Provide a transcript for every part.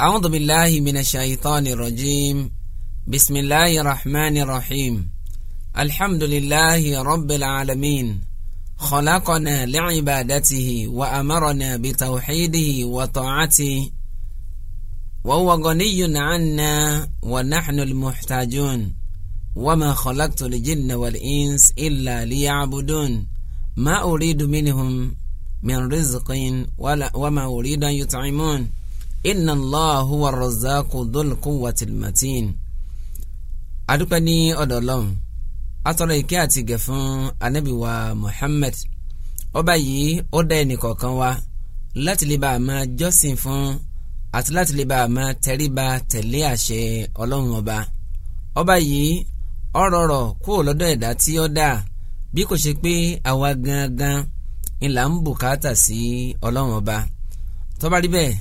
أعوذ بالله من الشيطان الرجيم بسم الله الرحمن الرحيم الحمد لله رب العالمين خلقنا لعبادته وأمرنا بتوحيده وطاعته وهو غني عنا ونحن المحتاجون وما خلقت الجن والإنس إلا ليعبدون ما أريد منهم من رزق ولا وما أريد أن يطعمون inna Allahu huwa ar-razzaqu dhul quwwatil matin adúpẹ́ ní ọ̀dọ̀ Ọlọ́run atọrọ ìkẹ́ àti gẹ̀ fún Ànábì wa Muhammad ọba yìí ó dá ẹnìkọ̀ọ̀kan wa láti lè bá a máa jọ́sìn fún àti láti lè bá a máa tẹríba tẹ̀lé àṣẹ Ọlọ́run ọba ọba yìí ọ̀rọ̀rọ̀ kúrò lọ́dọ̀ ẹ̀dá tí ó dá bí kò ṣe pé àwa gangan ńlá ń bùkátà sí Ọlọ́run ọba tó rí bẹ́ẹ̀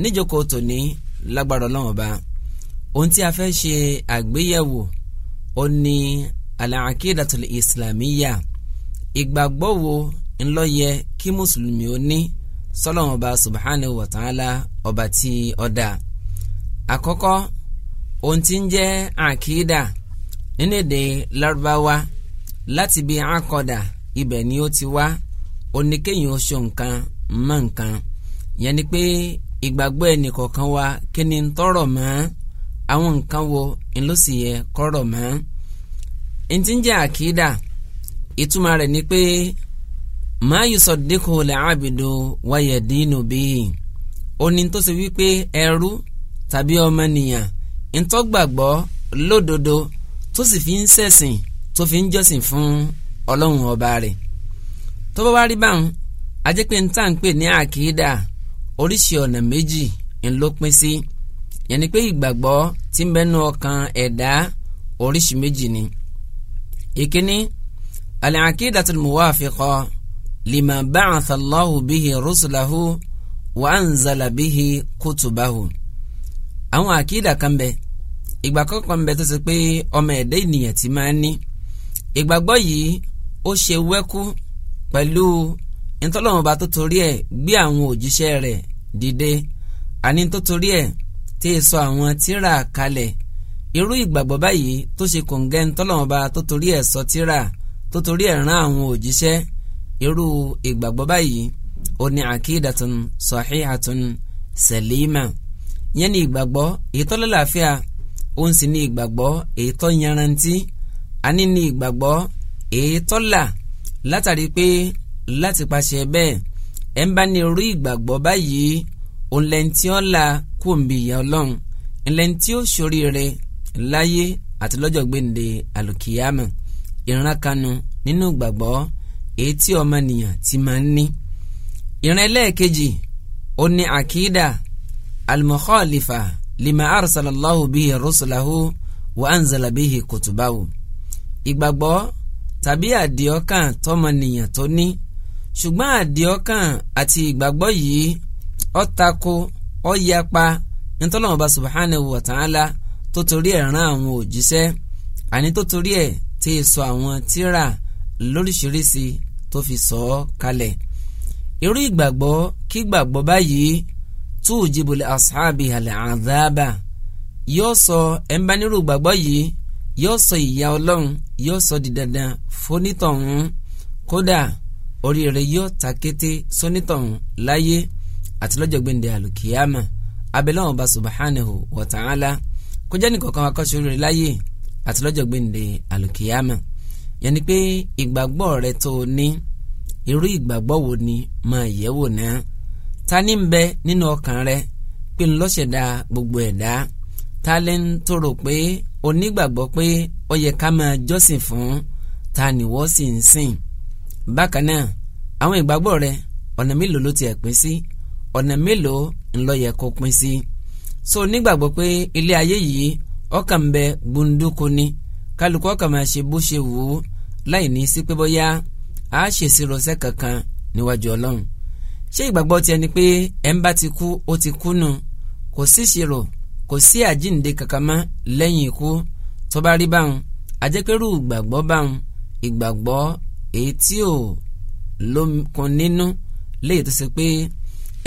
níjókòó tòní lágbára ọlọ́run ọba ohun tí a fẹ́ ṣe àgbéyẹ̀wò ó ní al-aqidatul islamiyya ìgbàgbọ́ wo ńlọ yẹ kí mùsùlùmí ó ní sọlọ́run ọba subhanahu wa ta'ala ọba tí ó dá àkọ́kọ́ ohun tí ń jẹ́ àkídà nínú èdè lárúbáwá láti bí akọ̀dà ibẹ̀ ni ó ti wá oníkéyìn oṣù nǹkan mọ́ nǹkan yẹn ni pé ìgbàgbọ́ ẹnìkọ̀ọ̀kan wa kí ni ń tọrọ mọ́ àwọn nǹkan wo ló sì yẹ kọ́rọ̀ mọ́. ntí ń jẹ́ àkídà ìtumọ̀ rẹ̀ ni pé máa yù sọ̀dẹ́kọ̀ làábìdò wáyẹ̀ dínú bíi oní tó ṣe wípé ẹrú tàbí ọmọnìyàn ntọ́ gbàgbọ́ lódodo tó sì fi ń ṣẹ̀sìn tó fi ń jọ́sìn fún ọlọ́run ọba rẹ̀ tó bá wá rí báwọn ajẹ́pẹ́ ń tà ń ní àkídà oríṣi ọ̀nà méjì ńlọ pín sí yẹn ni pé ìgbàgbọ́ tí ń bẹnu ọkàn ẹ̀dá oríṣi méjì ni ìkíní al-aqidatul muwafiqa lima ba'atha Allahu bihi rusulahu wa anzala bihi kutubahu àwọn àkídà kan bẹ ìgbà kọ́kọ́ ń bẹ tó ṣe pé ọmọ ẹ̀dá ènìyàn ti máa ń ní ìgbàgbọ́ yìí ó ṣe wẹ́kú pẹ̀lú ntọ́lọ́mọba tó torí ẹ̀ gbé àwọn òjíṣẹ́ rẹ̀ dìde àní tó torí ẹ̀ tí ì sọ àwọn tírà kalẹ̀ irú ìgbàgbọ́ báyìí tó ṣe kòǹgẹ́ ńtọ́lọ́wọ́n bá tó torí ẹ̀ sọ tírà tó torí ẹ̀ rán àwọn òjíṣẹ́ irú ìgbàgbọ́ báyìí ó ní àkídàtún sọ̀híhàtún sẹ̀límà yẹn ní ìgbàgbọ́ èyí tó lọ́láàfíà ó sì ní ìgbàgbọ́ èyí tó yanrantí àní ní ìgbàgbọ́ èyí tó látàrí pé láti pàṣẹ bẹ́ẹ̀ ẹ̀ ń bá ní irú ìgbàgbọ́ báyìí òun lẹ́ntì ọ́ la kú òǹbí ìyá ọlọ́run ńlẹ́ntì ó ṣoríire láyé àti lọ́jọ́ gbẹ̀ǹde àlùkìyàmù ìran kanu nínú ìgbàgbọ́ èyí tí ọmọnìyàn ti máa ń ní. ìran ẹlẹ́ẹ̀kejì ó ní àkìdá al lima arsalallahu bihi rusulahu wa anzala bihi kutubahu ìgbàgbọ́ tàbí àdìọ́kàn tọmọnìyàn tó ní ṣùgbọ́n àdìọ́kàn àti ìgbàgbọ́ yìí ó tako ó yapa nítọ́lọ́wọ́n bá subhanahu wa ta'ala tó torí ẹ̀ rán àwọn òjíṣẹ́ àní tó torí ẹ̀ tí ì sọ àwọn tírà lóríṣiríṣi tó fi sọ ọ́ kalẹ̀ irú ìgbàgbọ́ kí gbàgbọ́ báyìí tú òjìbòlè asáàbì àlẹ́ àdáàbà yóò sọ ẹnbánirò gbàgbọ́ yìí yóò sọ ìyà ọlọ́run yóò sọ di fónítọ̀hún kódà oríire yóò ta kété sọ́nítọ̀hún láyé àti lọ́jọ́ gbẹ̀ndẹ̀ àlùkìyàmà abẹ́lẹ́wọ̀n bá subahánahu wa ta'ala kó jẹ́ nìkọ̀kan akọ́ṣe oríire láyé àti lọ́jọ́ gbẹ̀ndẹ̀ àlùkìyàmà yẹn ni pé ìgbàgbọ́ rẹ tó o ní irú ìgbàgbọ́ wo ni máa yẹ̀ wò náà ta ní ń bẹ nínú ọkàn rẹ pé ń lọ́ṣẹ̀dá gbogbo ẹ̀dá ta lè ń tòrò pé onígbàgbọ́ pé ó yẹ ká máa jọ́sìn fún ta nìwọ́ sì ń sìn bákan náà àwọn ìgbàgbọ́ rẹ ọ̀nà mélòó ló tiẹ̀ pín sí ọ̀nà mélòó ńlọ yẹ kó pín sí so nígbàgbọ́ pé ilé ayé yìí ọkàn ń bẹ gbunduko ni kálukú ọkàn máa ṣe bó ṣe wù ú láì ní sí pé bóyá a ṣèṣì rọṣẹ́ kankan níwájú ọlọ́run ṣé ìgbàgbọ́ tiẹ̀ ni pé ẹ̀ ń bá ti kú ó ti kú nù kò sí ìṣirò kò sí àjíǹde kankan mọ́ lẹ́yìn ikú tó bá rí báwọn àjẹpẹ́rù ìgbàgbọ́ báwọn ìgbàgbọ́ èyí tí ò lókun nínú léyìí tó ṣe pé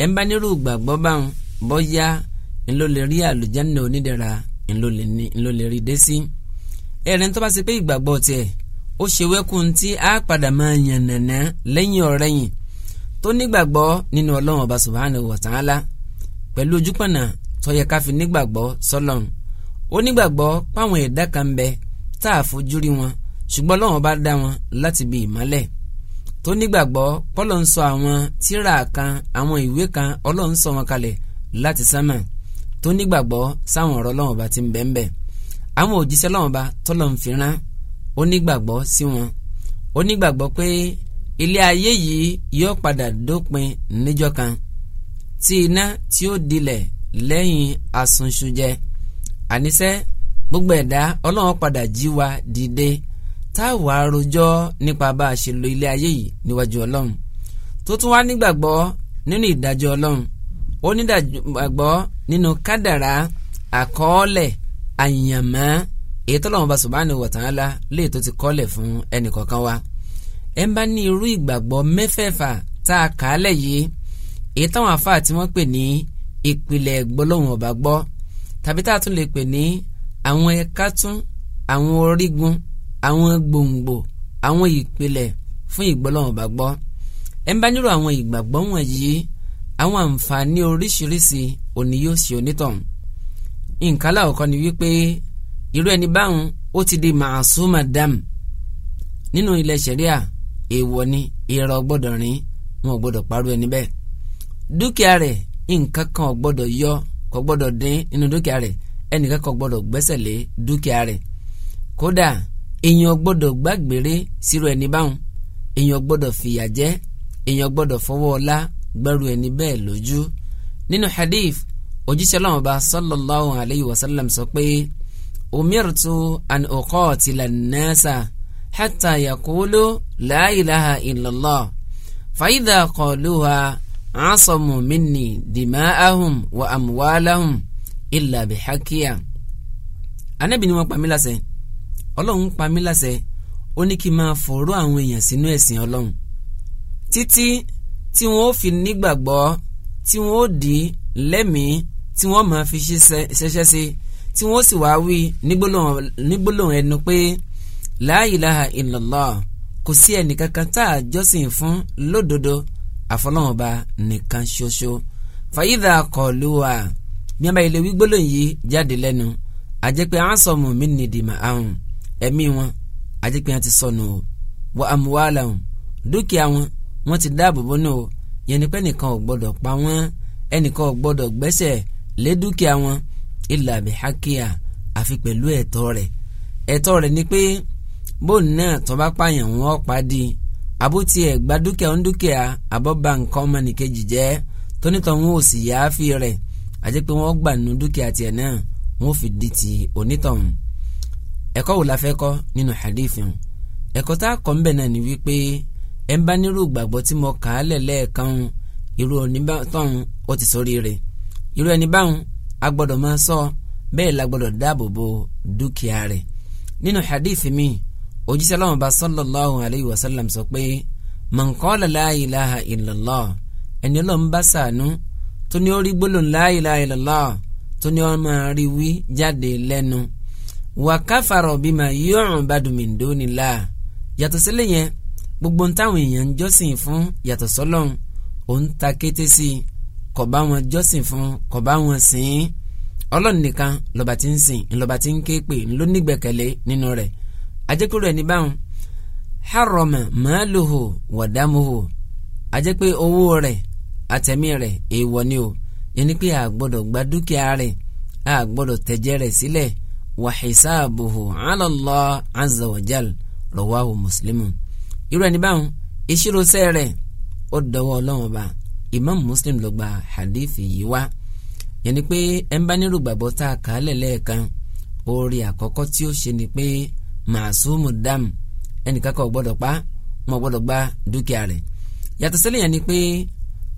ẹ̀ ń bá nírú gbàgbọ́ báwọn bọ́yá ńlọ lè rí àlùjánnà onídẹ̀ra ńlọ lè rí dé sí. ẹ̀rín tó bá ṣe pé ìgbàgbọ́ tiẹ̀ ó ṣe wẹ́kùn tí a padà máa yàn nàná lẹ́yìn ọ̀rẹ́yìn tó nígbàgbọ́ nínú ọlọ́run ọba subhanahu wa pẹ̀lú ojúpọ̀nà tó yẹ nígbàgbọ́ sọ́lọ́run ó nígbàgbọ́ páwọn ẹ̀dá kan bẹ tá a fojú rí wọn ṣùgbọ́n Ọlọ́run bá dá wọn láti bí ìmọ́lẹ̀ tó nígbàgbọ́ pọ́lọ́ ń sọ àwọn tírà kan àwọn ìwé kan Ọlọ́run sọ wọn kalẹ̀ láti sánmà tó nígbàgbọ́ sáwọn ọ̀rọ̀ Ọlọ́run bá ti ń bẹ́ẹ̀ àwọn òjíṣẹ́ Ọlọ́run bá tọ́lọ́ ń fìrán onígbàgbọ́ sí wọn onígbàgbọ́ pé ilé ayé yìí yóò padà dópin níjọ́ kan tí iná tí ó dilẹ̀ lẹ́yìn asunṣu jẹ àníṣe gbogbo ẹ̀dá Ọlọ́run padà jí wa dìde táwa rojọ́ nípa bá a ṣe lo ilé ayé yìí níwájú ọlọ́run tó tún wá nígbàgbọ́ nínú ìdájọ́ ọlọ́run ó nígbàgbọ́ nínú kádàrá àkọọ́lẹ̀ àyànmọ́ èyí tó lọ́wọ́ bá subhanahu wa ta'ala léè tó ti kọ́lẹ̀ fún ẹnì kọ̀ọ̀kan wa ẹ ń bá ní irú ìgbàgbọ́ mẹ́fẹ̀ẹ̀fà tá a kà á lẹ̀ yìí èyí táwọn afáà tí wọ́n pè ní ìpìlẹ̀ gbólóhùn ọ̀bà gbọ́ tàbí tá a tún lè pè ní àwọn ẹ̀ka tún àwọn orígun àwọn gbòǹgbò àwọn ìpìlẹ̀ fún ìgbọ́lọ́wọ́n bá gbọ́ ẹ ń bá nírò àwọn ìgbàgbọ́ wọ̀nyí àwọn àǹfààní oríṣiríṣi òní yóò ṣe onítọ̀hún nǹkan aláwọ̀kọ́ ni wípé irú ẹni báwọn ó ti di màásùmá dam nínú ilẹ̀ ṣẹ̀ríà èèwọ̀ ni ìrọ̀ gbọ́dọ̀ rìn wọn ò gbọ́dọ̀ parú ẹni bẹ́ẹ̀ dúkìá rẹ̀ nǹkan kan ò gbọ́dọ̀ yọ kò gbọ́dọ̀ dín nínú dúkìá rẹ̀ ẹnìkan kan gbọ́dọ̀ gbẹ́sẹ̀ lé dúkìá rẹ̀ kódà èèyàn gbọ́dọ̀ gbàgbére sírò ẹni báwọn èèyàn gbọ́dọ̀ fìyà jẹ èèyàn gbọ́dọ̀ fọwọ́ ọlá gbẹrù ẹni bẹ́ẹ̀ lójú nínú hadith òjíṣẹ́ lọ́wọ́ bá sallallahu alayhi wa sallam sọ pé umirtu an uqatila nnasa hatta yaqulu la ilaha illallah fa idha qaluha asamu minni dima'ahum wa amwalahum illa bihakiya anabi ni wọ́n pa mí láṣẹ ọlọ́run pa mí láṣẹ ó ní kí n máa fọ̀rọ̀ àwọn èèyàn sínú ẹ̀sìn ọlọ́run títí tí wọn ó fi nígbàgbọ́ tí wọn dì í lẹ́mìí tí wọ́n máa fi ṣẹṣẹ́ sí tí wọ́n sì wáá wí nígbólóhùn ẹnu pé la ilaha illallah kò sí ẹnìkankan tá a jọ́sìn fún lódodo àfọlọ́wọ́ba nìkan ṣoṣo fàyídà kọ̀ọ̀lùwà bí wọ́n bá ilé wí gbólóhùn yìí jáde lẹ́nu àjẹpẹ́ àásọ̀mù mi nìdìmọ̀ àrùn ẹ̀mí wọn àjẹpẹ́ wọn ti sọnù o wọ́n amúwálà wọn dúkìá wọn wọ́n ti dáàbò bò o yẹn ni pé ẹnìkan ò gbọ́dọ̀ pa wọ́n ẹnìkan ò gbọ́dọ̀ gbẹ́sẹ̀ lé dúkìá wọn ìlà àbíhákíà àfi pẹ̀lú ẹ̀tọ́ rẹ̀ ẹ̀tọ́ rẹ̀ ni pé bóun náà tó bá pààyàn wọn pa di àbótí ẹ̀ gba dúkìá ń dúkìá àbọ̀bá nǹkan ọmọnìkejì jẹ́ tónítọ̀hún ò sì yááfì rẹ̀ àti pé wọ́n gbà nù dúkìá tiẹ̀ náà wọ́n fi di ti onítọ̀hún ẹ̀kọ́ wo la fẹ́ kọ́ nínú hadith yẹn ẹ̀kọ́ tá a kọ́ ń bẹ̀ náà ni wípé ẹ̀ ń bá nírú ìgbàgbọ́ tí mo kà á lẹ̀ lẹ́ẹ̀kan irú onítọ̀hún ó ti sórí rẹ̀ irú ẹni báwọn a gbọ́dọ̀ máa sọ bẹ́ẹ̀ la gbọ́dọ̀ dáàbò bo dúkìá rẹ̀ nínú hadith mi òjíṣẹ́ Ọlọ́run bá sallallahu alayhi wa sallam sọ pé man qala la ilaha illallah ẹni bá ṣàánú tó ní ó rí gbólóhùn la ilaha tó ní ó máa rí wí jáde lẹ́nu wà káfàrọ̀ bímọ yóò bá dùmíǹdó nílá yàtọ̀ sílẹ̀ yẹn gbogbo táwọn èèyàn ń jọ́sìn fún yàtọ̀ sọ́lọ́n òun ta kété sí i kò bá wọn jọ́sìn fún kò bá wọn sìn ín ọlọ́run nìkan lọ́ba tí ń sìn lọ́ba tí ń ké pè ló nígbẹ̀kẹ̀lé nínú rẹ̀ ajẹ́kúrò ẹni báwọn harrama màálùhù wàdámùhù ajẹ́ pé owó rẹ̀ àtẹ̀mí rẹ̀ èèwọ̀ ni o yẹn ni pé a gbọ́dọ̀ gba dúkìá rẹ̀ a tẹ̀jẹ̀ rẹ̀ sílẹ̀ si wa hisabuhu ala Allah azza wa jal rawahu muslimun irú ẹni báwọn ìṣirò sẹ́rẹ̀ ó dọwọ́ ọlọ́run ọba imam muslim ló gba hadith yìí wá yẹn ni pé ẹ̀ ń bá nírú gbàgbọ́ tá a kà á lẹ̀ lẹ́ẹ̀kan oore àkọ́kọ́ tí ó ṣe ni pé màásùmù dam ẹnìkan kò gbọ́dọ̀ pa wọn gbọ́dọ̀ gba dúkìá rẹ̀ yàtọ̀ sílẹ̀ yẹn ni pé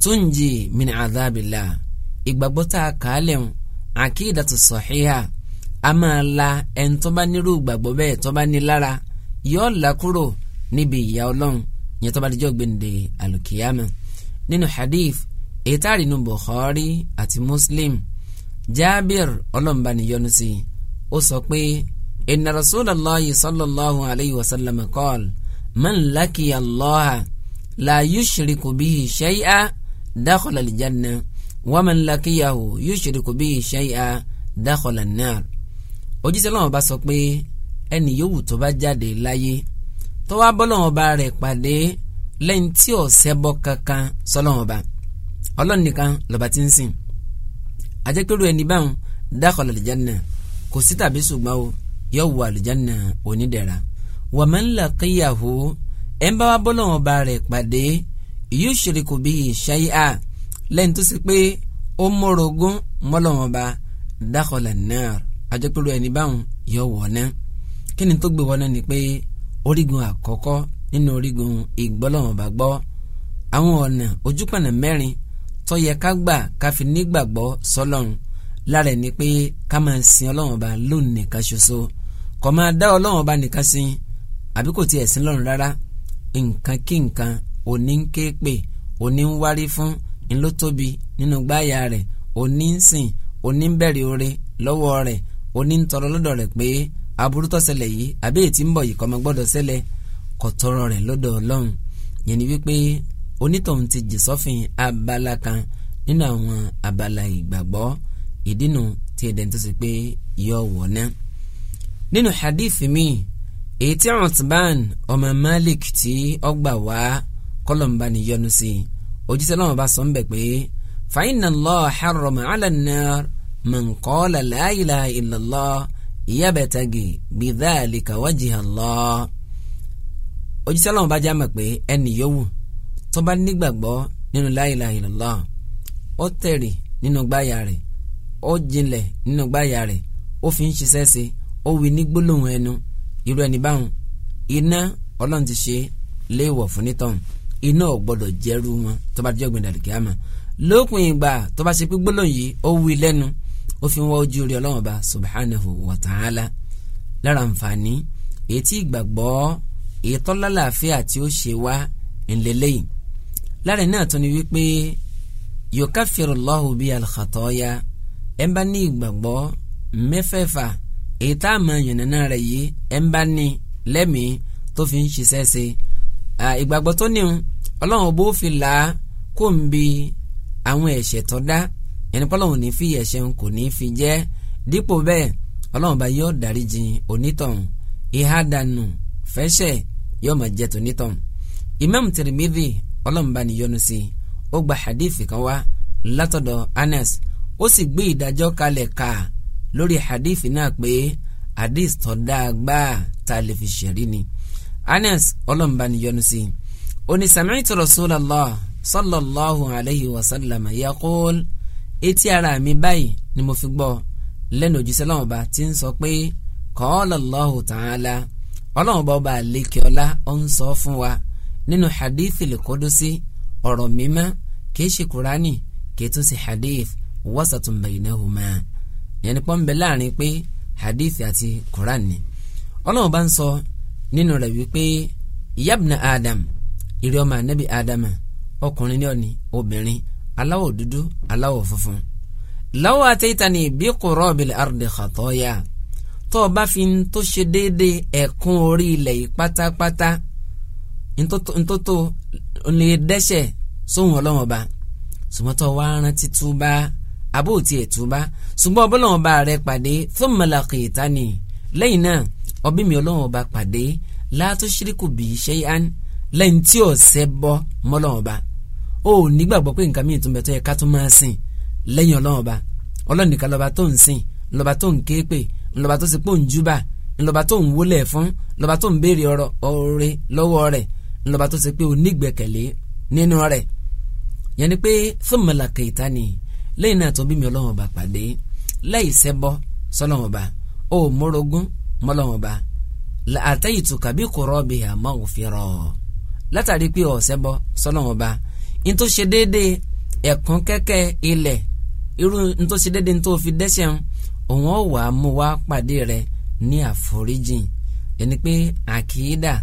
túnjì min adhabillah ìgbàgbọ́ tá a kà á lẹ̀hún àkídàtú sọ̀híhà a máa la ẹni tó bá nírú gbàgbọ́ bẹ́ẹ̀ tó bá ní lára yóò là kúrò níbi ìyà ọlọ́run yẹn tó bá dijọ́ gbẹ̀ǹde alùkìyàmù nínú hadith èyí tá a rí nu Bukhari àti Muslim Jabir ọlọ́mba níyọnu sí ó sọ pé inna rasulallahi sallallahu alayhi wa sallam qal man lakiya allaha la yushriku bihi shay'a dakhala aljanna wa man lakiyahu yushriku bihi shay'a dakhala an òjíṣẹ́ lọ́wọ́ bá sọ pé ẹnì yòówù tó bá jáde láyé tó wá bọ́ lọ́wọ́ bá rẹ̀ pàdé lẹ́yìn tí ò ṣẹbọ kankan sọ́lọ́wọ́ bá ọlọ́run nìkan lọ́ba ti ń sìn àjẹpẹ́rù ẹni báwọn dákọ̀lọ̀ àlùjánnà kò sí tàbí ṣùgbọ́n o yóò wọ àlùjánnà onídẹ̀ra wàmán làkìyàwó ẹ̀ ń bá wá bọ́ lọ́wọ́ bá rẹ̀ pàdé yóò ṣeré kò bí ìṣayé a lẹ́yìn tó ṣe pé ó mọ̀rọ̀gún mọ́lọ́wọ́n bá dákọ̀lọ̀ náà ajẹ́pẹ̀rọ ẹni báwọn yọ wọ̀ná kí ni tó gbé wọ̀ná ni pé orígun àkọ́kọ́ nínú orígun ìgbọ́lọ́wọ́n bá gbọ́ àwọn ọ̀nà ojúpọ̀nà mẹ́rin tó yẹ ká gbà ká fi nígbàgbọ́ sọ́lọ́run lára ẹni pé ká máa sin ọlọ́wọ́n bá lónìí nìkan ṣoṣo kò máa dá ọlọ́wọ́n bá nìkan sin àbí kò tiẹ̀ sin lọ́run rárá nǹkan kí nǹkan òní ń ké pè òní ń wárí fún ńlọ́tóbi nínú gbáyà rẹ̀ òní ń sìn òní ń bẹ̀rẹ̀ oore lọ́wọ́ rẹ̀ oní ń tọrọ lọ́dọ̀ rẹ̀ pé aburú tó ṣẹlẹ̀ yìí àbí ètí ń bọ̀ yìí kọ́mọ gbọ́dọ̀ ṣẹlẹ̀ kò tọrọ rẹ̀ lọ́dọ̀ ọlọ́run yẹn ni wípé onítọ̀hún ti jì sọ́fìn abala kan nínú àwọn abala ìgbàgbọ́ ìdínú tí ẹ̀dẹ̀ tó ṣe pé yọ wọ̀ náà. nínú hadith mi èyí tí ọmọ Malik tí ọgbà wá kọlọ̀mbà ni yọnu sí i náà bá sọ ń bẹ̀ pé fa inna Allah harrama ala an man qala la ilaha illallah yabtagi bidhalika wajha Allah. òjíṣẹ́ lọ́wọ́ bá já mọ̀ pé ẹnì yòówù tó bá nígbàgbọ́ nínú la ilaha illallah ó tẹ̀rì nínú gbáyà rẹ̀ ó jinlẹ̀ nínú gbáyà rẹ̀ ó fi ń ṣiṣẹ́ sí ó wí ní gbólóhùn ẹnu irú ẹni báwọn iná ọlọ́run ti ṣe léèwọ̀ fún nítọ̀hún iná ò gbọ́dọ̀ jẹ́rú wọn tó bá jẹ́ ògbìn dàlùkì àmọ́ lópin ìgbà tó bá ṣe pé gbólóhùn yìí ó wí lẹ́nu ó fi ń wá ojú rí ọlọ́run ọba subhanahu wa ta'ala lára àǹfààní èyí tí ìgbàgbọ́ èyí tó lálàáfíà tí ó ṣe wá ńlẹ́lẹ́yìn lára náà tó ni wípé yukafiru Allahu bi al-khataya ẹ̀ ń bá ní ìgbàgbọ́ mẹ́fẹ̀ẹ̀fà èyí tá náà rẹ̀ yìí ẹ̀ ń bá ní lẹ́mìí tó fi ń ṣiṣẹ́ ṣe ìgbàgbọ́ tó ní ọlọ́run bó fi là á kó ń bi àwọn ẹ̀ṣẹ̀ tó dá ẹni pọ́lọ́hùn ní fi ẹ̀ṣẹ̀ kò ní fi jẹ́ dípò bẹ́ẹ̀ ọlọ́run bá yóò dáríjì onítọ̀hún ìhà dànù fẹ́ṣẹ̀ yóò máa jẹ́ tonítọ̀hún. Imam Tirmidhi ọlọ́run bá níyọnu sí i ó gba hadith kan wá látọ̀dọ̀ Anas ó sì gbé ìdájọ́ kalẹ̀ ká lórí hadith náà pé hadith tó dáa gbáà tá ni. Anas ọlọ́run bá níyọnu sí i Rasulallah sallallahu alayhi wa sallam yaqul etí ara mi báyìí ni mo fi gbọ́ lẹ́nu òjíṣẹ́ lọ́wọ́ bá ti ń sọ pé qala Allahu ta'ala ọlọ́wọ́ bá ọba àlékè ọlá ó ń sọ fún wa nínú hadithil qudusi ọ̀rọ̀ mímọ́ kìí ṣe kúránì kìí tún ṣe hadith wasatun baynahuma yẹnni pọ́n bẹ láàrin pé hadith àti kúránì ọlọ́wọ́ bá ń sọ nínú rẹ̀ wípé yabna adam ìrẹ́ ọmọ anabi adama ọkùnrin ní ọ̀ni obìnrin aláwọ̀ dúdú aláwọ̀ funfun law ataitani bi qurabil ardi khataya tó o bá fi ń tó ṣe déédéé ẹ̀kún orí ilẹ̀ yìí pátápátá ntótó lè dẹ́ṣẹ̀ sóhun ọlọ́wọ́n ọba sùmọ́tò wa rántí túbá abó ò tiẹ̀ túbá ṣùgbọ́n ọbọ̀lọ́wọ́n ọba rẹ pàdé thumma laqitani lẹ́yìn náà ọbí mi ọlọ́wọ́n ọba pàdé la tushriku bi shay'an lẹ́yìn tí ò ṣẹbọ mọ́lọ́wọ́n ọba ó nígbàgbọ́ pé nǹkan míì tún bẹ tó yẹ ká tún máa sìn lẹ́yìn ọlọ́run ọba ọlọ́run nìkan lọ́ba tó ń sìn lọ́ba tó ń képe lọ́ba tó sì pò ń júbà lọ́ba tó ń wólẹ̀ fún lọ́ba tó ń béèrè ọ̀rọ̀ ọ̀rẹ́ lọ́wọ́ rẹ̀ lọ́ba tó sì pé onígbẹ̀kẹ̀lé nínú rẹ̀ yẹn ni pé fún mọ̀làkà ìta ni lẹ́yìn náà tó bí mi ọlọ́run ọba pàdé láì ṣẹbọ sọ́lọ́run ọba ó mórogún mọ́lọ́run ọba àtẹ̀yìntù kàbí kò rọ́ọ̀bì àmọ́ òfin rọ̀ látàrí pé ọ̀ṣẹbọ sọ́lọ́run ọba n tó ṣe déédéé ẹ̀kún kẹ́kẹ́ ilẹ̀ irú n tó ṣe déédéé n tó fi dẹ́ṣẹ̀ ń òun ò wá mú wá pàdé rẹ̀ ní àforíjìn ẹni pé àkìídà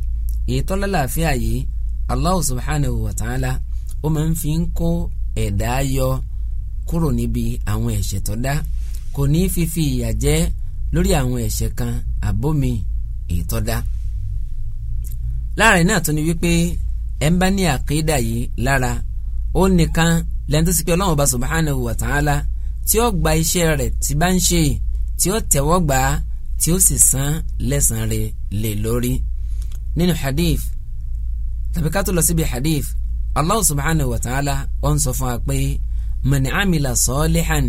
ìtọ́lálàáfíà yìí Allah subhanahu wa ta'ala ó máa ń fi ń kó ẹ̀dá yọ kúrò níbi àwọn ẹ̀ṣẹ̀ tó dá kò ní fífi ìyà jẹ lórí àwọn ẹ̀ṣẹ̀ kan àbómi ìtọ́dá láàrin náà tó ni wípé ẹ̀ ń bá ní àkídà yìí lára ó nìkan lẹ́yìn tó sì pé ọlọ́run ọba subhanahu wa ta'ala tí ó gba iṣẹ́ rẹ̀ tí bá ń ṣe tí ó tẹ̀wọ́ gbà á tí ó sì san lẹ́sàn-án rẹ̀ lè lórí. nínú hadith tàbí ká tó lọ síbi hadith allah subhanahu wa ta'ala ó ń sọ fún wa pé man amila salihan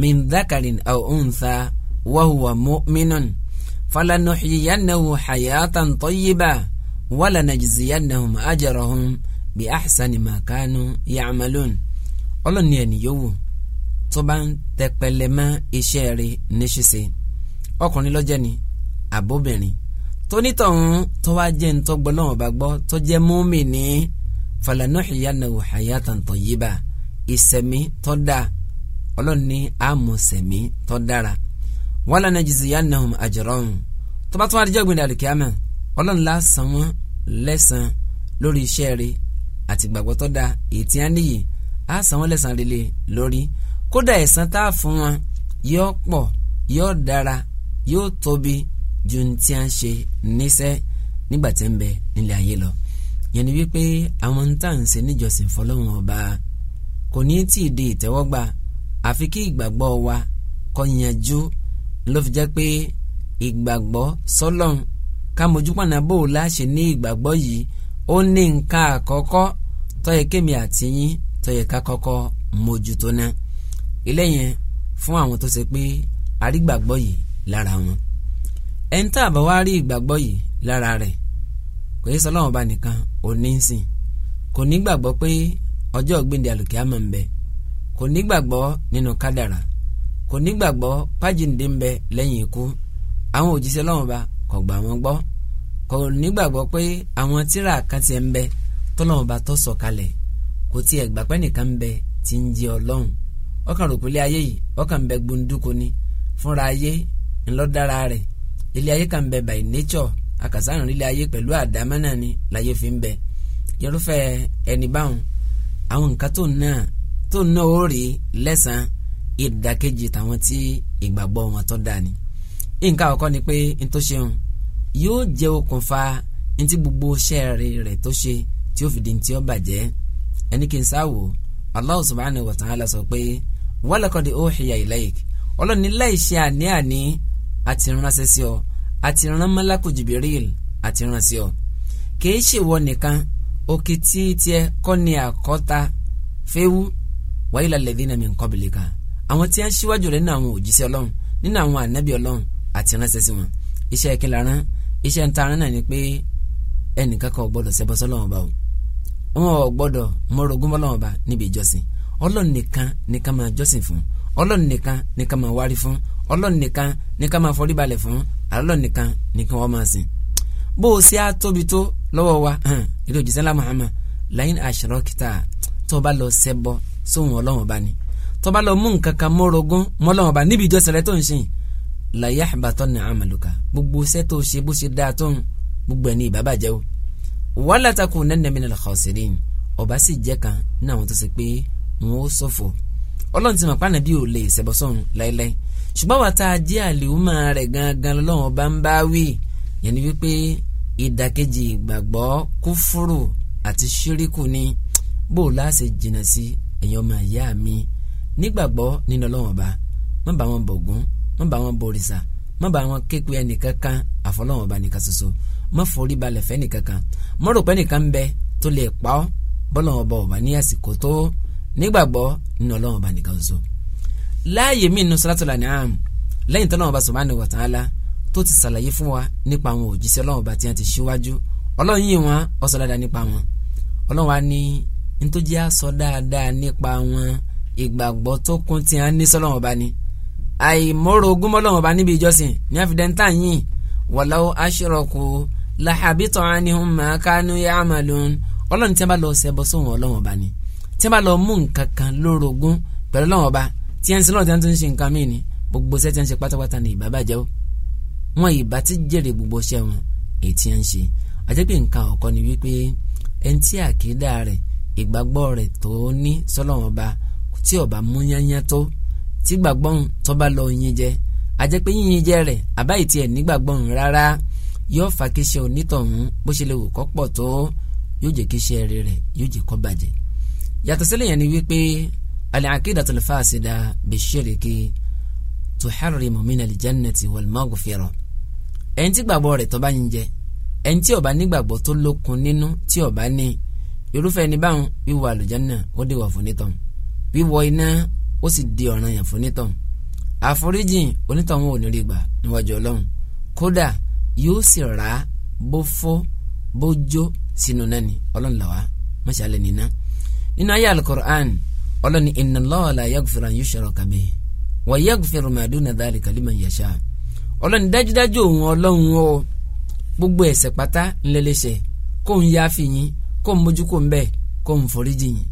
min dhakarin aw untha mu'minun falanuhyiyannahu hayatan tayyiba wala najziyannahum ajrahum bi ahsani ma kanu ya'malun ọlọ́ni ẹni yòówù tó bá ń tẹpẹlẹ mọ́ iṣẹ́ rẹ̀ ní ṣíṣe ọkùnrin lọ́jẹ́ ni àbóbìnrin tónítọ̀hún tó wá jẹ́ ntọ́gbọ́ náà bá gbọ́ tó jẹ́ mùmínì falanuhyiyanahu hayatan tayyiba ìsẹ̀mí tó dáa ọlọ́run ní tó dára wala najziyannahum ajrahum tó bá tó wá dijọ́ gbìndà àlùkìyàmẹ́ ọlọ́run la san wọ́n lẹ́san lórí iṣẹ́ rẹ̀ àti ìgbàgbọ́ tó da èyí tí a níyì á san wọ́n lẹ́san rere lórí kódà ẹ̀san tá a fún wọn yóò pọ̀ yóò dára yóò tóbi ju tí a ń ṣe níṣẹ́ nígbà tí ń bẹ nílẹ̀ ayé lọ yẹn ni wípé àwọn tá à ń ṣe níjọsìn fọlọ́run ọba kò ní tí ì di ìtẹ́wọ́gbà àfi kí ìgbàgbọ́ wa kọ́ yanjú ló fi jẹ́ pé ìgbàgbọ́ sọ́lọ́run ká mojúpọ̀nà bò láṣẹ ní ìgbàgbọ́ yìí ó ní nǹkan àkọ́kọ́ tó yẹ kémi àti yín tó yẹ ká kọ́kọ́ mójútó ná ilé yẹn fún àwọn tó ṣe pé àrígbàgbọ́ yìí lára wọn ẹni tá a bá wá rí ìgbàgbọ́ yìí lára rẹ̀ kò yẹ sọlọ́wọ́n bá nìkan ò ní í sìn kò ní gbàgbọ́ pé ọjọ́ ògbìndì àlùkìyámà ń bẹ kò ní gbàgbọ́ nínú kádàrà kò ní gbàgbọ́ pájíǹde ikú àwọn òjíṣẹ́ lọ́wọ́n bá kò gbà wọ́n gbọ́ kò nígbàgbọ́ pé àwọn tíra kan ti ń bẹ tọ́lọ́wọ́n bá tọ́ sọ̀kalẹ̀ kò tí ẹ̀ gbàpẹ́ nìkan ń bẹ ti ń jẹ ọlọ́run ọkàn rò pé ilé ayé yìí ọkàn ń bẹ gbóńdúkọ ni fúnra ayé ńlọ́dára rẹ̀ ilé ayé kan bẹ by nature akàsánù ilé ayé pẹ̀lú àdámọ́ náà ni láyé fi ń bẹ irúfẹ́ ẹni báwọn àwọn nǹkan tó náà tó náà ó rí lẹ́sàn-án ìdàkejì tàwọn tí ìgbàgbọ́ wọn tó dáa ni nǹkan àkọ́kọ́ ni pé n tó ṣeun yóò jẹ́ okùnfà ntí gbogbo sẹ́ẹ̀rì rẹ̀ tó ṣe tí ó fi di ntí ó bàjẹ́ ẹni kì í sáwò Allah subhanahu wa ta'ala sọ pé walaqad uhiya ilayk ọlọ́ni láìṣe àní-àní àti ránṣẹ́ sí ọ àti rán mọ́lákù Jibril àti ránṣẹ́ ọ kìí ṣèwọ nìkan òkè tí tiẹ̀ kọ́ ni àkọ́ta fẹ́wú wa ila alladhina min qablika àwọn tí a ń ṣíwájú rẹ̀ nínú àwọn òjíṣẹ́ ọlọ́run nínú àwọn ànábì ọlọ́run àti ránṣẹ́ sí wọn iṣẹ́ kí la iṣẹ́ ń tarin náà ni pé ẹnìkan kan ò gbọ́dọ̀ ṣẹbọ sọ́lọ́run ọba o wọn ò gbọ́dọ̀ mọ́rọ̀gún bọ́lọ́run ọba níbi ìjọsìn ọlọ́run nìkan ni ká máa jọ́sìn fún ọlọ́run nìkan ni ká máa wárí fún ọlọ́run nìkan ni ká máa foríbalẹ̀ fún ọlọ́run nìkan ni ká wọ́n máa sìn bó o ṣe á tóbi tó lọ́wọ́ wa ilé òjíṣẹ́ ńlá Muhammad lain aṣọ́rọ́kítà tó bá lọ ṣẹbọ sóhun ọlọ́run ọba ni tó bá lọ mú nǹkan kan mọ́rọ̀gún mọ́lọ́run ọba níbi ìjọsìn rẹ tó ń ṣe làyà àbàtọ́ ní àmàlùkà gbogbo iṣẹ́ tó ṣe bó ṣe dáa tó ń gbogbo ẹni ìbábàjẹ́ o wàhálà takò nẹ́nẹ́ mi nàlẹ́ khasirin ọba sì jẹ́ kan ní àwọn tó ṣe pé wọn ó ṣòfò ọlọ́run ti mọ̀ pé ànábì ò lè ṣẹbọ sọ́run láéláé ṣùgbọ́n wàá ta jẹ́ àlèhùnmá rẹ̀ gangan lọ́wọ́ bá ń bá wí yẹn ni wípé ìdàkejì ìgbàgbọ́ kúfúrù àti ṣíríkù ni bó la ṣe jìnnà sí ẹ̀yin ọmọ ìyá mi nígbàgbọ́ nínú ọlọ́wọ́n ọba má bá wọn bọ̀gún má bá wọn bọ̀rìṣà má bá wọn képe ẹnìkankan àfọlọ́wọn bá nìkan ṣoṣo má forí balẹ̀ fẹ́ nìkankan má rò pé nìkan ń bẹ tó lè pa ọ́ bọ́lọ́wọ́n bá ọba ní àsìkò tó nígbàgbọ́ nínú ọlọ́wọ́n bá nìkan ṣoṣo. láàyè mí inú Suratul An'am lẹ́yìn tó lọ́wọ́n bá Subhanahu wa Ta'ala tó ti sàlàyé fún wa nípa àwọn òjíṣẹ́ ọlọ́wọ́n bá ti ti síwájú ọlọ́run yìí wọn ó àìmọ́rò ogúnmọ́lọ́wọ́n bá níbi ìjọsìn ní àfidẹ́ntà yìí wàláwó aṣọ́rọ̀kù làhàbítọ̀ ànihùn máa kánú yá àmàlùn ọlọ́run tí wọ́n bá lọ ṣẹbọ sóhun ọlọ́wọ́n bá ní tí wọ́n bá lọ mú nǹkan kan lórogún pẹ̀lú ọlọ́wọ́n bá tí ẹni sílọ́ọ̀ tí wọ́n ti ń ṣe nǹkan míì ni gbogbo ṣẹ́ tí wọ́n ṣe pátápátá ni ìbá bàjẹ́ o wọn ìbá ti jèrè gbogbo ṣẹ́ wọn èyí tí wọ́n ṣe àti pé nǹkan ọ̀kọ́ ni wípé ẹni tí gbàgbọ́n tó bá lọ yín jẹ àjẹ́ pé yíyin jẹ rẹ̀ àbá ìtì ẹ̀ nígbàgbọ́n rárá yóò fa kíṣẹ́ onítọ̀hún bó ṣe lè wò kọ́ pọ̀ tó yóò jẹ́ kíṣẹ́ rẹ̀ rẹ̀ yóò jẹ́ kó bàjẹ́ yàtọ̀ sílẹ̀ yẹn ni wípé al-aqidatul fasida bishiriki tuharrimu minal jannati wal maghfira ẹni tí gbàgbọ́ rẹ̀ tó yín jẹ ẹni tí ó nígbàgbọ́ tó lókun nínú tí ó ní irúfẹ́ ni báwọn wíwọ àlùjánnà ó dé wà fún nítọ̀hún wíwọ iná ó sì di ọ̀ranyàn fún onítọ̀hún àforíjìn onítọ̀hún ò ní rí gbà níwájú ọlọ́run kódà yóò sì rà á bó fọ́ bó jó sínú náà ni ọlọ́run làwá mọ̀ṣálẹ̀ nínà nínú ayé alukur'an ọlọ́ni inna Allaha la yaghfiru an yushraka bihi wa yaghfiru ma duna dhalika liman yasha ọlọ́ni dájúdájú òun ọlọ́run o gbogbo ẹ̀ṣẹ̀ pátá ńlẹ́lẹ́ṣẹ̀ kó ń yááfì yín kó ń mójú ń bẹ́ẹ̀ kó ń foríjì yín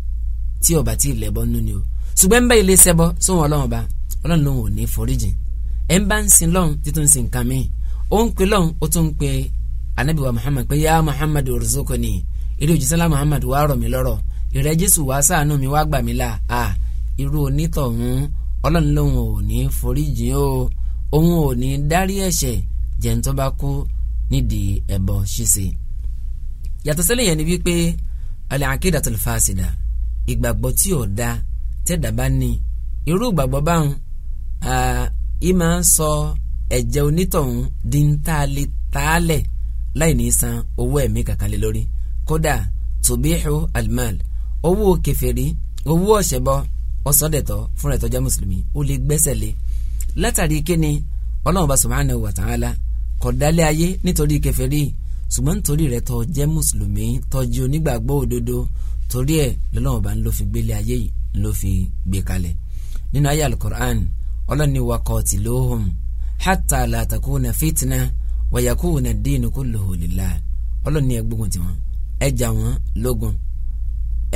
tí ọba tí ì lẹ́bọ̀ nínú ni o ṣùgbọ́n bá ilé ṣẹbọ sóhun ọlọ́run ọba ọlọ́run lòun ò ní foríjìn ẹ̀ ń bá ń sin lọ́run títún sin nǹkan mi ó ń pe lọ́run ó tún ń pe anabi muhammad pé yá muhammad orozoko ni eré òjísọ́lá muhammad wàá rọ̀ mí lọ́rọ̀ ìrẹ́ jésù wàá ṣàánú mi wàá gbà mí là á irú onítọ̀hún ọlọ́run lòun ò ní foríjìn o òun ò ní dárí ẹ̀ṣẹ̀ jẹ́ńtọ́ bá kú nídìí ẹ̀bọ ṣíṣe yàtọ̀ sẹ́lẹ̀ yẹn ni wípé al-aqidatul fasida tẹ́dà bá ní irú ìgbàgbọ́ báwọn yìí máa ń sọ ẹ̀jẹ̀ onítọ̀hún di ń taálẹ̀ taálẹ̀ láì ní san owó ẹ̀mí kàkàlẹ̀ lórí kódà tùbíhù almal owó kẹfẹ́rí owó ọ̀ṣẹ̀bọ ọ̀sọ́dẹ̀tọ̀ fúnra ẹ̀tọ́jà mùsùlùmí ó lè gbẹ́sẹ̀ lé látàrí kíni ọlọ́run bá subhanahu wa ta'ala kọ̀dálẹ̀ ayé nítorí kẹfẹ́rí ṣùgbọ́n nítorí rẹ̀ tó jẹ́ mùsùlùmí tó jẹ́ onígbàgbọ́ òdodo torí ẹ̀ lọ́lọ́run bá ń lò fi gbélé ayé yìí ló fi gbé kalẹ̀ nínú ayé alukur'an ọlọ́ni wa qatiluhum hatta la takuna fitna wa yakuna ad-dinu kulluhu lillah ọlọ́ni ẹ gbógun tiwọn ẹ jà wọ́n lógun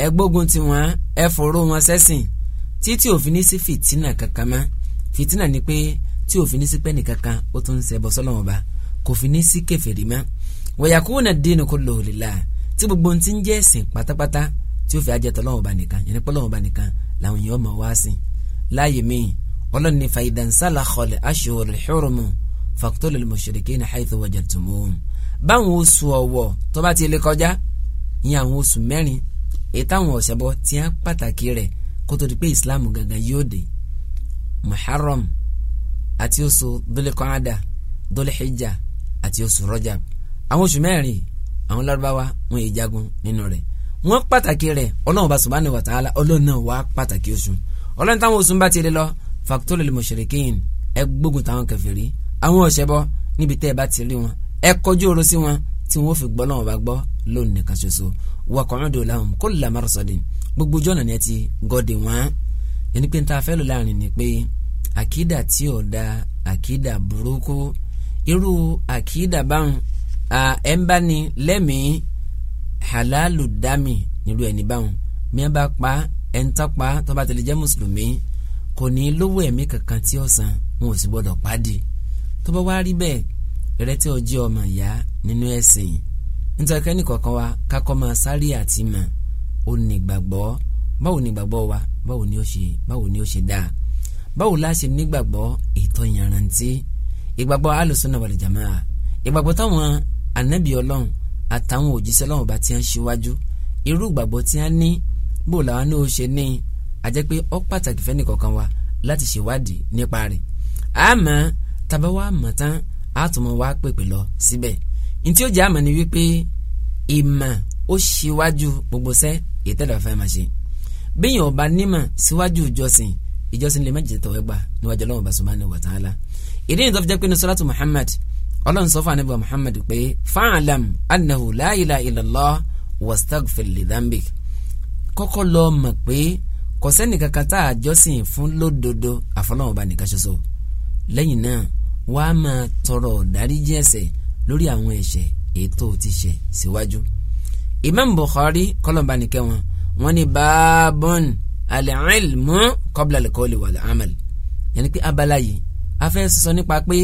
ẹ gbógun tiwọn ẹ fòró wọn sẹ́sìn títí òfin ní sí fìtínà kankan mọ́ fìtínà ni pé tí òfin ní sí pẹ́ẹ́nì kankan ó tún ń ṣẹbọ sọ́lọ́wọ́n ba kò fi ní sí kèfèrí mọ́ wa yakuna ad-dinu kulluhu tí gbogbo ohun tí ń jẹ́ ẹ̀sìn pátápátá tí ó fi ajẹ́ tọ́lọ́wọ́ bá nìkan yẹn pé Ọlọ́hun bá nìkan làwọn èèyàn máa wá sí i láàyè míì Ọlọ́hun ní fàyídànsálà kọlẹ̀ aṣọ́rẹ̀ ṣọ́rọ̀mù fàkútọ́lẹ̀ mọ̀ṣẹ̀rẹ̀kẹ́ ní haythu wajadtumuhum. báwọn oṣù ọ̀wọ̀ tó bá ti lè kọjá ìyẹn àwọn oṣù mẹ́rin èyí táwọn ọ̀ṣẹbọ ti hàn pàtàkì rẹ̀ kó tó di pé ìsìláàmù gangan yóò dé muharram àti oṣù dólẹ́kọ́ádà dólẹ́hìjà àti oṣù rọ́jà àwọn oṣù mẹ́rin àwọn lárúbáwá wọn yìí jagun nínú rẹ̀ wọ́n pàtàkì rẹ̀ ọlọ́run bá subhanahu wa ta'ala ọlọ́run náà wá pàtàkì oṣù ọlọ́run táwọn oṣù bá ti lè lọ fàkítọ́rì lil mushrikin ẹ gbógun táwọn kèfèrí àwọn ọ̀ṣẹbọ níbi tẹ́ ẹ bá ti rí wọn ẹ kọjú oró sí wọn tí wọ́n fi gbọ́ lọ́wọ́ bá gbọ́ lónìí nìkan ṣoṣo waqudu lahum kulla marsadin gbogbo jọ́nà ni ẹ ti gọ́dẹ̀ wọ́n ẹni pé níta fẹ́lò láàrin ni pé àkídà tí ò da àkídà burúkú irú àkídà báwọn ẹ̀ ń bá ni lẹ́mìí halalu dami nílò ẹni báwọn mìíràn bá pa ẹ̀ńtọ́pa tó bá tẹ̀lé jẹ́ mùsùlùmí kò ní lówó ẹ̀mí kankan tí ó san wọn ò sì gbọ́dọ̀ pàdé tó bá wá rí bẹ́ẹ̀ rẹ tí ó jẹ́ ọmọ ìyá nínú ẹ̀sìn nítorí kẹ́ni kọ̀ọ̀kan wa kakọ́ máa sáré àti mọ̀ ó ní gbàgbọ́ báwo ni gbàgbọ́ wa báwo ni ó ṣe báwo ni ó ṣe dáa báwo la ṣe nígbàgbọ́ ètò ìyàrántí ìgbàgbọ́ alùsùnà wàlìjàmáà ìgbàgbọ́ táwọn ànábì ọlọ́run àtàwọn òjíṣẹ́ lọ́wọ́ bá ti ń ṣíwájú irú ìgbàgbọ́ tí a ní bò làwọn náà ṣe ní àjẹ́ pé ó pàtàkì fẹ́ni kọ̀ọ̀kan wa láti ṣèwádìí nípa rẹ̀ àmọ́ tàbá wa mọ̀ tán àtúmọ̀ wa pèpè lọ síbẹ̀ ntí ó jẹ́ àmọ́ ni wípé ìmọ̀ ó ṣíwájú gbogbo sẹ́ ìtẹ́lẹ̀ ọ̀fẹ́ máa ṣe bẹ́ẹ̀ yẹn ọba nímọ̀ síwájú ìjọsìn ìjọsìn lè má jẹ́ tọ̀wẹ́ gbà níwájú Ọlọ́run bá sọ Muhammad ọlọ́run sọ fún anábìwá muhammadu pé fa'alam annahu la ilaha illallah wastaghfir li dhanbik kọ́kọ́ lọ mọ̀ pé kò sẹ́ni kankan tá a jọ́sìn fún lódodo àfọlọ́wọ́ba nìkan ṣoṣo lẹ́yìn náà wàá máa tọrọ dáríjì lórí àwọn ẹ̀ṣẹ̀ ètò ti ṣe síwájú. imam bukhari kọlọmba nìkẹ́ wọn wọn ni baabon al-ilmu qabla al yẹn ni pé abala yìí a sọ nípa pé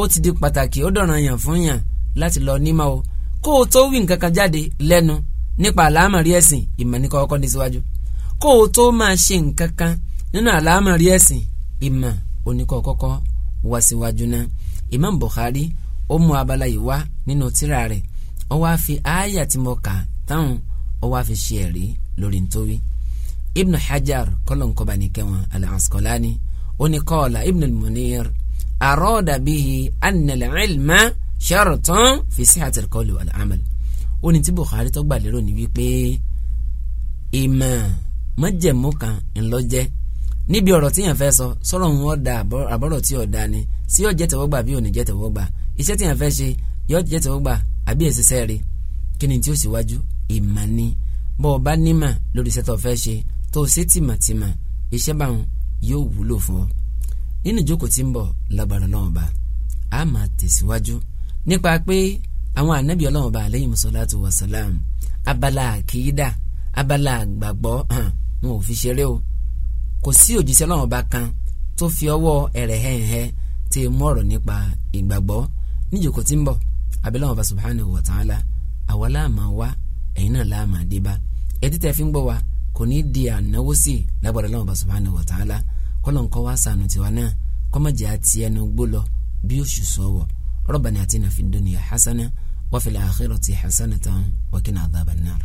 ó ti di pàtàkì ó dọ̀ràn yàn fún yàn láti lọ nímọ̀ o kó o tó wí nǹkan kan jáde lẹ́nu nípa àlámọ̀rí ẹ̀sìn ìmọ̀ ní kọ́kọ́ ní síwájú kó o tó máa ṣe nǹkan kan nínú àlámọ̀rí ẹ̀sìn ìmọ̀ oníkọ̀ọ́kọ́kọ́ wá síwájú náà Imam Bukhari ó mú abala yìí wá nínú tírà rẹ̀ ó wá fi àáyà tí mo kà táwọn ó wá fi ṣe ẹ̀rí lórí ntòwí Ibn Hajar kọ́lọ̀ nkọ́ba ní kẹwọn Al-Asqalani ó Ibn al-Munir àrọ́ọ̀dà bíi anilẹ̀ẹ́lmá ṣàròtán fèsì àtẹ̀kọ́lù àmàl ó ní tí Bukhari tó gbà lérò ní wípé ìmọ̀ mọ́jẹ̀mú kan ńlọ́jẹ́ níbi ọ̀rọ̀ tí yẹn fẹ́ sọ sọ̀rọ̀ ń ọ̀dà àbọ̀rọ̀ tí ọ̀dà ni sí ọ̀jẹ̀ tẹ̀wọ́gbà bí òní jẹ́ tẹ̀wọ́gbà iṣẹ́ tí yẹn fẹ́ ṣe yọ jẹ́ tẹ̀wọ́gbà àbí èsìsẹ́ rí kí ni tí ó síwájú ìmọ̀ ni bọ́ ọ bá nímọ̀ lórí iṣẹ́ tó fẹ́ ṣe tó o ṣe tìmọ̀tìmọ̀ iṣẹ́ báwọn yóò wúlò fún ọ nínú ìjókòó tí ń bọ̀ lágbára náà bá a máa tẹ̀síwájú nípa pé àwọn ànábì ọlọ́run bá alayhi salatu wa abala àkìídà abala àgbàgbọ́ wọn ò fi ṣeré o kò sí òjíṣẹ́ ọlọ́run bá kan tó fi ọwọ́ ẹ̀rẹ̀ hẹ́hẹ́ tí mú ọ̀rọ̀ nípa ìgbàgbọ́ níjókòó tí ń bọ̀ abẹ́lẹ́ wọn bá wa ta'ala àwa láàmà wá ẹ̀yin náà láàmà dé bá ẹtí tẹ́ fi ń gbọ́ wa kò ní di ànáwó sí lágbára lọ́wọ́ bá subhanahu wa ta'ala kọ́lọ́n kọ́ wá sànù tiwa náà kọ́mọ̀jẹ́ àti ẹnu gbó lọ bí oṣù sọ̀wọ̀ rabbana atina fid dunya hasana wa fil akhirati hasanatan wa qina adhaban nar.